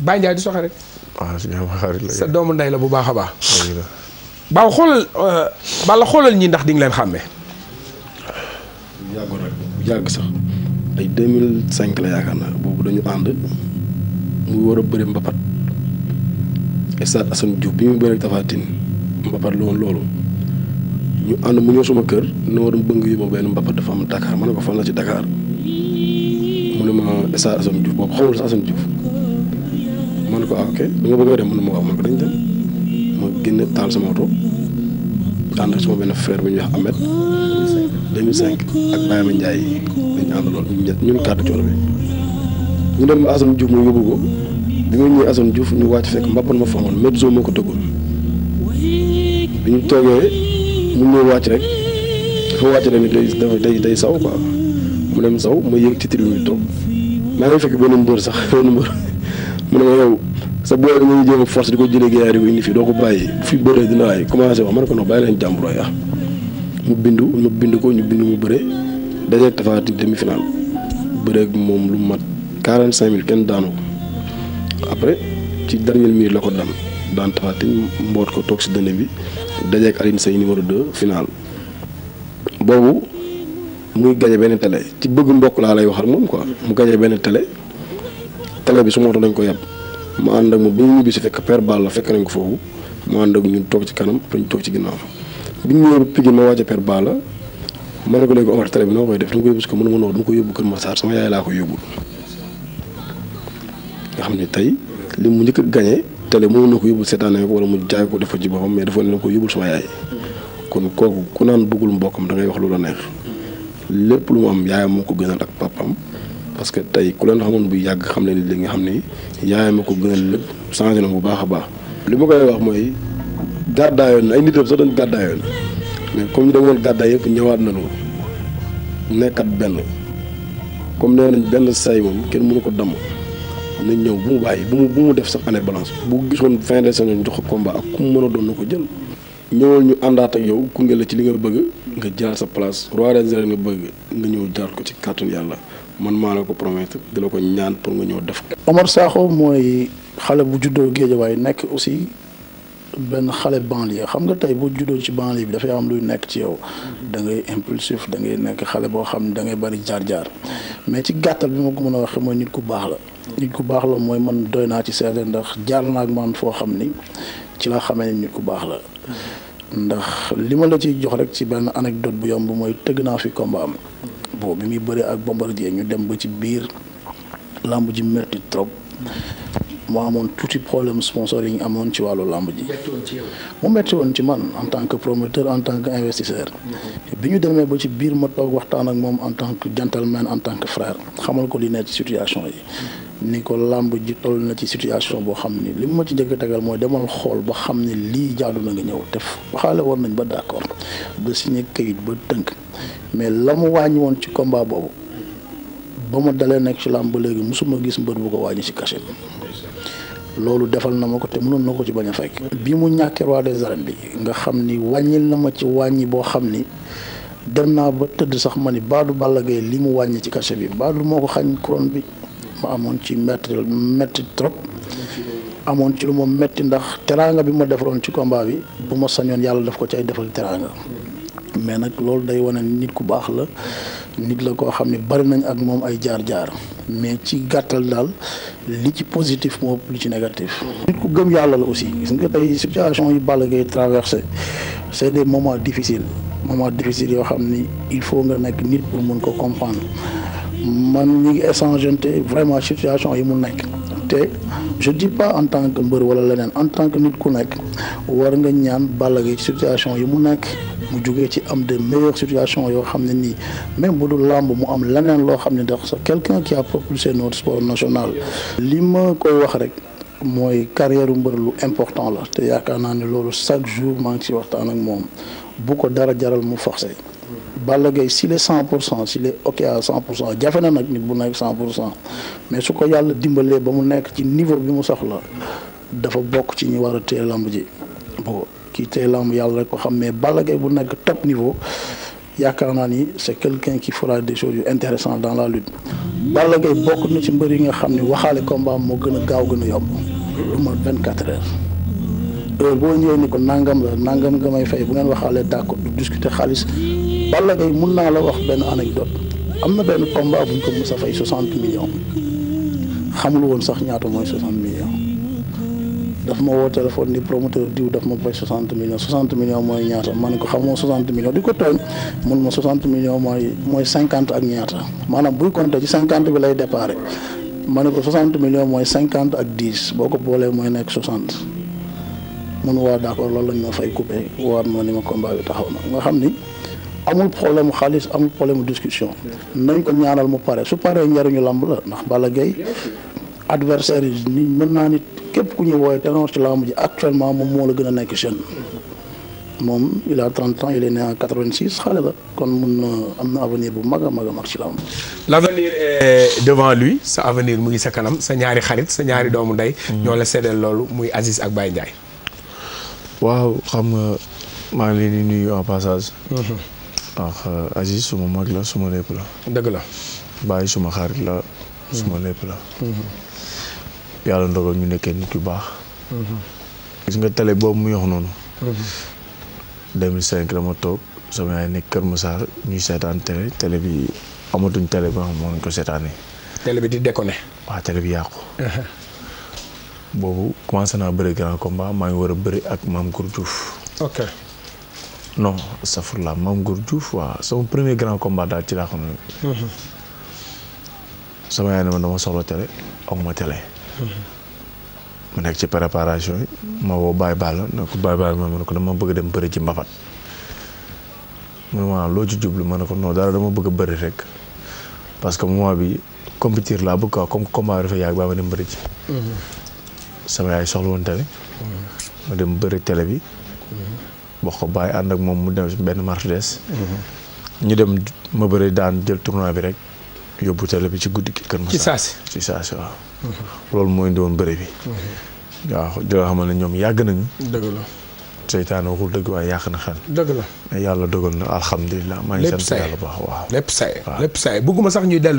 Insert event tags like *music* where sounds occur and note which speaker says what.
Speaker 1: Baye Ndiaye di sa xarit. waaw suñu xarit la sa doomu ndey la bu baax a baax. baaw xoolal euh, bala xoolal ñi ndax di nga leen xàmmee. yàggoon rek bu yàgg sax ay 2005 la yaakaar naa boobu dañu ànd mu war a bëri mbapat stade Assane Diouf bi mu bëri ak Tapha Tine mbapat loolu loolu ñu ànd mu ñëw sama kër na war a bëgg yu ma benn mbapat dafa am Dakar ma ne ko fan la ci Dakar mu ne ma stade Assane Diouf boobu xamul sax Assane Diouf. ko ah ok bi nga bëgg a dem mën ma waaw mën ko dañ dem ma génn taal sama oto ànd ak sama benn frère bu ñuy wax Ahmed 2005 ak Baye Ma Ndiaye dañu ànd lool ñun ñett coono bi ñu dem ba Assane Diouf mu yóbbu ko bi ma ñëwee Assane Diouf ñu wàcc fekk mbappan ma famoon Medzo moo ko tëggul bi ñu toogee mu ñëw wàcc rek foo wàcc rek ni day day day saw quoi mu dem saw ma yëg ci tribune bi toog maa ngi fekk benn mbër sax *laughs* benn mbër. mu ne ma yow sa booy da nga jéem a force di ko jëlee gars yi indi fii doo ko bàyyi fi bëree dina waay commencé wax ma ne ko non bàyyi leen jàmbur ah mu bindu ma bind ko ñu bind mu bëre dajeeg Tapha Tine demi final bëreeg moom lu mat 45000 kenn daanu ko après ci dernière minute la ko daan daan Tapha Tine bi dajeeg Alioune Seye numéro 2 final boobu muy gañe benn télé ci bëgg mbokk laa lay waxal moom quoi mu gañe benn télé. télé bi su ma dañ ko yàpp mu ànd ak moom bi ñu ñibbi si fekk Père Balla fekk nañ ko foofu mu ànd ak ñun toog ci kanam après ñu toog ci ginnaaw bi ñu ñëwee Pikine ma wàcce per Balla ma ne ko léegi Omar télé bi koy def du ma ko yóbbu ko noo du ma ko yóbbu Kër Massar sama yaay nga xam ne tey li mu njëkk a tele télé mënoon na ko yóbbu seetaanee ko wala mu jaay ko def ci boppam mais dafa ne na ko yóbbul sama yaay kon kooku ku naan bëggul mbokkam da ngay wax lu la neex lépp lu mu am yaayam mu ko gënal ak papam parce que tey ku leen xamoon bu yàgg xam leen li nga xam ni yaayam a ko gënal lépp changé na bu baax a baax. li ma koy wax mooy gàddaayoon na ay nitam sax dañ gàddaayoon mais comme ñu demoon gàddaay yëpp ñëwaat nañu nekkat benn comme nee nañ benn say moom kenn mënu ko damm. nañ ñëw bu mu bàyyi bu mu bu mu def sa année balance bu gisoon fin de saison jox ko combat ak ku mu mën a doon na ko jël ñëwal ñu àndaat ak yow gunge la ci li nga bëgg nga jaar sa place roi des arènes nga bëgg nga ñëw jaar ko ci kàttun yàlla man maa la ko promettre di la ko ñaan pour nga ñëw def
Speaker 2: Omar saaxoo mooy xale bu juddoo waaye nekk aussi benn xale banlieue xam nga tey bu juddoo ci banlieue bi dafay am luy nekk ci yow da ngay impulsif da ngay nekk xale boo xam ne da ngay bari jaar-jaar mais ci gàttal bi ma ko mën a wax mooy nit ku baax la nit ku baax la mooy man doy naa ci seede ndax jaar naa ak man foo xam ni ci laa xamee ni nit ku baax la ndax li ma la ciy jox rek ci benn anecdote bu yomb mooy tëgg naa fi combat bon bi muy bëri ak bombardier ñu dem ba ci biir làmb ji metti trop moo amoon tuuti problème sponsor yi ñu amoon ci wàllu làmb ji mu metti woon ci man en tant que promoteur en tant que investisseur bi ñu demee ba ci biir ma toog waxtaan ak moom en tant que gentleman en tant que frère xamal ko li nekk ci situation yi ni ko làmb ji toll na ci situation boo xam ni li ma ci njëkk tegal mooy demal xool ba xam ne lii jaadu na ngi ñëw te waxaale woon nañ ba d'accord ba signé kayit ba tënk mais la mu wàññi woon ci combat boobu ba ma dalee nekk ci làmb ba léegi mosuma gis mbër bu ko wàññi ci cachet loolu defal na ma ko te mënoon na ko ci bañ a fekk. bi mu ñàkkee roi des arènes bi nga xam ni wàññil na ma ci wàññi boo xam ni dem naa ba tëdd sax ma ni Badou Balla Gaye li mu wàññi ci kase bi Badou moo ko xañ couronne bi ma amoon ci metti metti trop. amoon ci lu ma metti ndax teraanga bi ma defaloon ci combat bi bu ma sañoon yàlla daf ko ci ay defal teraanga. mais nag loolu day wane nit ku baax la nit la koo xam ne bari nañ ak moom ay jaar-jaar mais ci gàttal daal li ci positif moo lu ci négatif. nit ku gëm yàlla la aussi gis nga tey situation yi Balla Gaye traversé c'est des moments difficiles moments difficiles yoo xam ni il faut nga nekk nit pour mun ko comprendre man ñu ngi échangeante vraiment situation yi mu nekk. te je dis pas en tant que mbër wala leneen en tant que nit ku nekk war nga ñaan Balla Gaye ci situation yi mu nekk mu jógee ci am de meilleures situation yoo xam ne nii même bu dul làmb mu am leneen loo xam ne ndax sa quelqu'un qui a propulsé notre sport national li ma koy wax rek mooy carrière mbër lu important la te yaakaar naa ne loolu chaque jour maa ngi ci waxtaan ak moom bu ko dara jaral mu forcé Balla Gaye s'il est cent pour cent s'il est ok à cent pour cent jafe na nag nit bu nekk cent pour cent mais su ko yàlla dimbalee ba mu nekk ci niveau bi mu soxla dafa bokk ci ñu war a téye lamb ji bon kii téye lamb yàlla rek ko xam mais Balla Gaye bu nekk top niveau yaakaar naa ni c' est quelqu'un qui fera des choses yu intéressantes dans la lutte Balla Gaye bokk na si mbër yi nga xam ne waxaale combat moo gën a gaaw gën a yomb lu ma vingt quatre heure boo ñëwee ni ko nangam la nangam nga may fay bu ngeen waxaalee d'accord du discuter xaalis Balla Gaye mun naa la wax benn anecdote am na benn combat bu ñu ko mës a fay xamul woon sax ñaata mooy 60 millions daf ma woo téléphone ni promoteur diw daf ma fay 60 millions 60 millions mooy ñaata ma ne ko xamoo 60 millions di ko tooñ mun ma 60 millions mooy mooy 50 ak ñaata maanaam buy compter ci 50 bi lay déparé ma ne ko 60 millions mooy 50 ak 10 boo ko boolee mooy nekk 60. mun waa d'accord loolu lañ ma fay coupé waat ma ni ma combat bi taxaw na nga xam ni amul problème mu xaalis amul problème mu discussion nañ ko ñaanal mu pare su paree njariñu lamb la ndax Balla Gaye adversaire yi ni mën naa nit képp ku ñu wooye ténor ci lamb ji actuellement moom moo la gën a nekk jeune moom il a 30 ans il est né en la kon mun na am na avenir bu mag a mag a mag ci laa
Speaker 1: l' avenir est devant lui sa avenir mu ngi sa kanam sa ñaari xarit sa ñaari doomu
Speaker 3: ndey mm. ñoo
Speaker 1: la loolu muy Aziz ak Baye Ndiaye
Speaker 3: waaw xam nga maa ngi leen di nuyu en passage. Mhm. ndax euh, Aziz suma mag la suma lépp la. dëgg la. bàyyi suma xaarit la. Mhm. suma lépp la. Mhm. yàlla ndogal ñu nekkee nit yu baax. gis nga télé boobu mu yox noonu. 2005 la ma toog sama yaay nekk Kër Massar ñuy seetaan télé tele bi amatuñ télé ba xam moo ko seetaanee.
Speaker 1: télé bi di déconné.
Speaker 3: waa tele bi yàqu. boobu commencé naa bëri grand combat maa ngi war a bëri ak maam Gour Diouf. ok non safurla Mame Gour Diouf waaw sama premier grand combat daal ci laa xam mhm. ne. sama yaay ne ma dama soxla télé aw ma télé. Mhm. ma nekk ci préparation yi ma woo Baye Balla ne ko Baye Balla ma ne ko dama bëgg dem bëri ci mbapat ma ne ma ah, loo ci jublu ma ne ko non dara dama bëgg a bëri rek parce que moment bi compétir laa bëgg quoi comme combat dafa yàgg baa ma dem sama yaay soxla woon télé ma mm-hmm. dem bëri tele bi mm-hmm. boo ko bàyyi ànd ak moom mu dem benn Mercedes mm-hmm. ñu dem ma bëri daan jël tournoi bi rek yóbbu tele bi ci guddi gi kan ma ci saasi ci waaw loolu mooy doon bëri bi waaw di xamal ne ñoom yàgg nañu dëgg la seytaane waxul dëgg waaye yàq na xel dëgg la yàlla dogal na alhamdulilah maa ngi sant yàlla baax waaw lépp say lépp say bugguma sax ñuy dellu